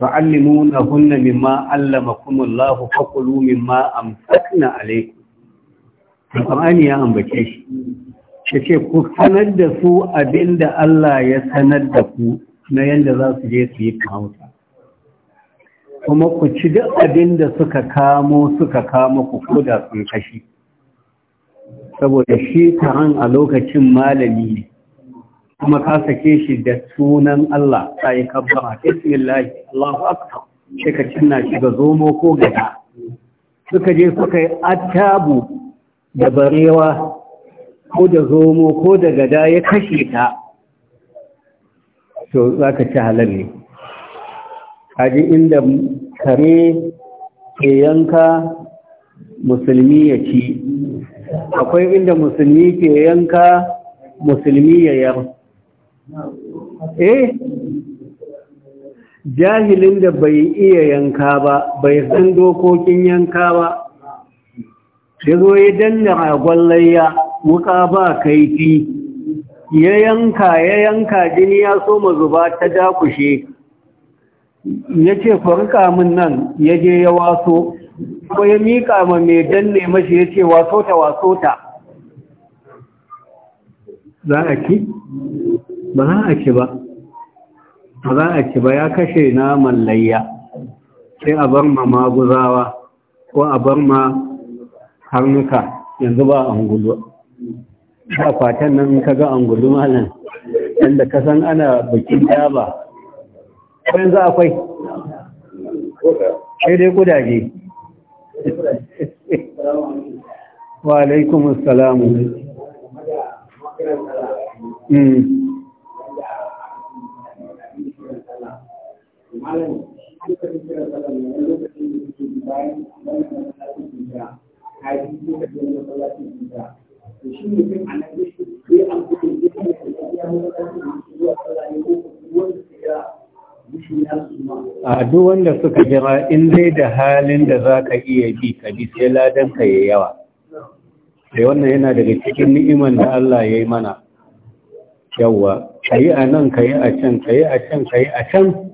تعلمونهن مما علمكم الله فقلوا مما أمسكنا عليكم ya يا shi. بكيش yace ku sanar da su abinda Allah ya sanar da ku na yadda za su je su yi kamuta kuma ku ci duk abinda suka kamo suka kamo ku koda sun kashi saboda shi taron a lokacin malami ne kuma ka sake shi da sunan Allah ta yi kabbara bismillah Allahu akbar sai ka cinna shi ga zomo ko gada suka je suka yi attabu da barewa ko da zomo ko da gada ya kashe ta to za ka ci halal ne kaji inda kare ke yanka musulmi ya ci akwai inda musulmi ke yanka musulmi ya yar eh jahilin da bai iya yanka ba bai san dokokin yanka ba ya zo ya danna ragon layya wuka ba kaifi ya yanka ya yanka jini ya so zuba ta dakushe ya ce farka min nan ya je ya waso ko ya miƙa ma mai danne mashi ya ce waso ta waso ta za a ki ba za a ci ba ba za a ci ba ya kashe naman layya sai a bar ma maguzawa ko a bar ma harnuka yanzu ba angulu ba fatan nan ka ga angulu malam yadda ka san ana bikin daba ko yanzu akwai sai dai kudaje wa alaikumus salamu hmm. a duk wanda suka jira in dai da halin da za ka iya bi ka bi sai ka ya yawa sai wannan yana daga cikin ni'iman da Allah ya yi mana yawa ka yi a nan ka yi a can ka yi a can ka yi a can.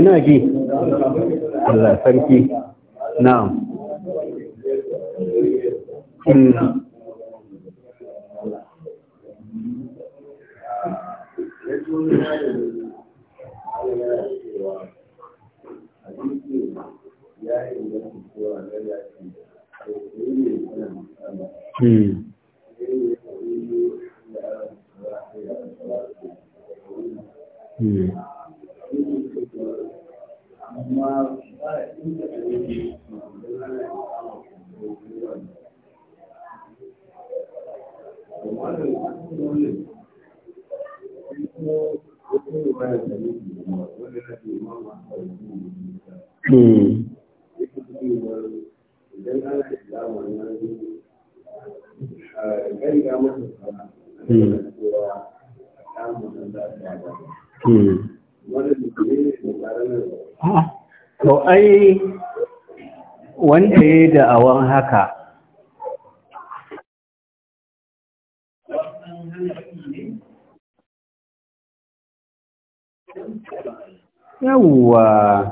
ina ji Allah sarki na'am Hmm. Hmm. hmm. kuma ba inda da yake don Allah ya kama kuma da wannan Hmm. Hmm. Hmm. to ai wanda ya da awon haka yawwa